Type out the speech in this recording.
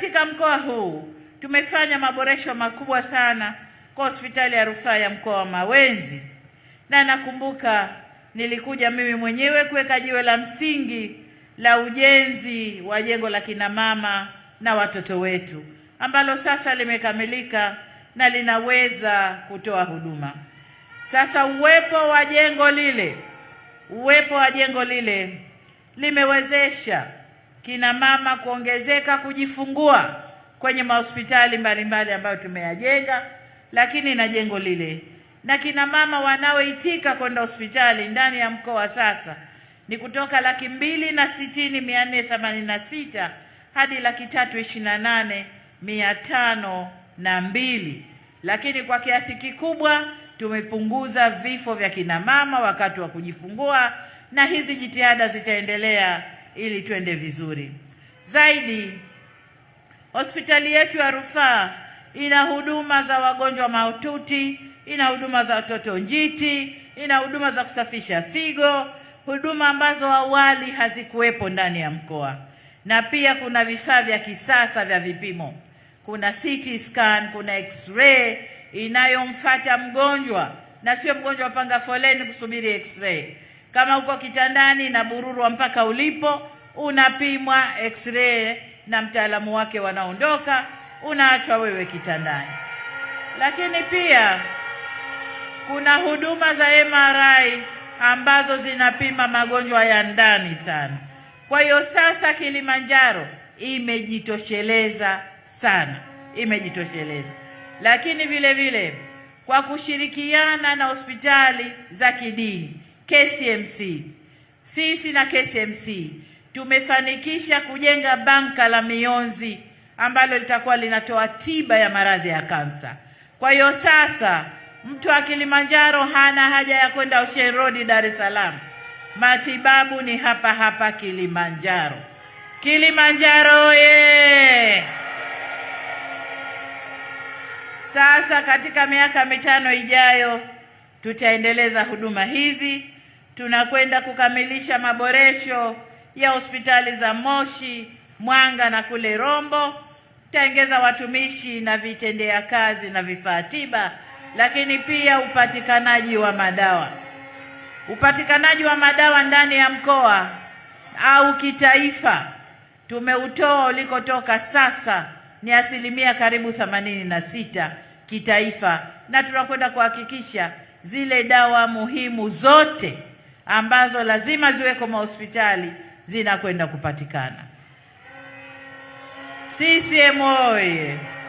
Katika mkoa huu tumefanya maboresho makubwa sana kwa hospitali ya rufaa ya mkoa wa Mawenzi, na nakumbuka nilikuja mimi mwenyewe kuweka jiwe la msingi la ujenzi wa jengo la kina mama na watoto wetu ambalo sasa limekamilika na linaweza kutoa huduma. Sasa uwepo wa jengo lile, uwepo wa jengo lile limewezesha kina mama kuongezeka kujifungua kwenye mahospitali mbalimbali ambayo tumeyajenga, lakini na jengo lile, na kina mama wanaoitika kwenda hospitali ndani ya mkoa sasa ni kutoka laki mbili na sitini mia nne themanini na sita hadi laki tatu ishirini na nane mia tano na mbili. Lakini kwa kiasi kikubwa tumepunguza vifo vya kina mama wakati wa kujifungua, na hizi jitihada zitaendelea ili twende vizuri zaidi. Hospitali yetu ya rufaa ina huduma za wagonjwa mahututi, ina huduma za watoto njiti, ina huduma za kusafisha figo, huduma ambazo awali hazikuwepo ndani ya mkoa, na pia kuna vifaa vya kisasa vya vipimo. Kuna CT scan, kuna x-ray inayomfata mgonjwa na sio mgonjwa panga foleni kusubiri x-ray. Kama uko kitandani na bururwa mpaka ulipo, unapimwa x-ray na mtaalamu wake, wanaondoka, unaachwa wewe kitandani. Lakini pia kuna huduma za MRI ambazo zinapima magonjwa ya ndani sana. Kwa hiyo sasa Kilimanjaro imejitosheleza sana, imejitosheleza. Lakini vile vile kwa kushirikiana na hospitali za kidini KCMC, sisi na KCMC tumefanikisha kujenga banka la mionzi ambalo litakuwa linatoa tiba ya maradhi ya kansa. Kwa hiyo sasa mtu wa Kilimanjaro hana haja ya kwenda Ocean Road Dar es Salaam, matibabu ni hapa hapa Kilimanjaro. Kilimanjaro ye Sasa katika miaka mitano ijayo tutaendeleza huduma hizi tunakwenda kukamilisha maboresho ya hospitali za Moshi, Mwanga na kule Rombo. Tutaongeza watumishi na vitendea kazi na vifaa tiba, lakini pia upatikanaji wa madawa. Upatikanaji wa madawa ndani ya mkoa au kitaifa tumeutoa ulikotoka, sasa ni asilimia karibu themanini na sita kitaifa, na tunakwenda kuhakikisha zile dawa muhimu zote ambazo lazima ziweko mahospitali zinakwenda kupatikana. CCM oye!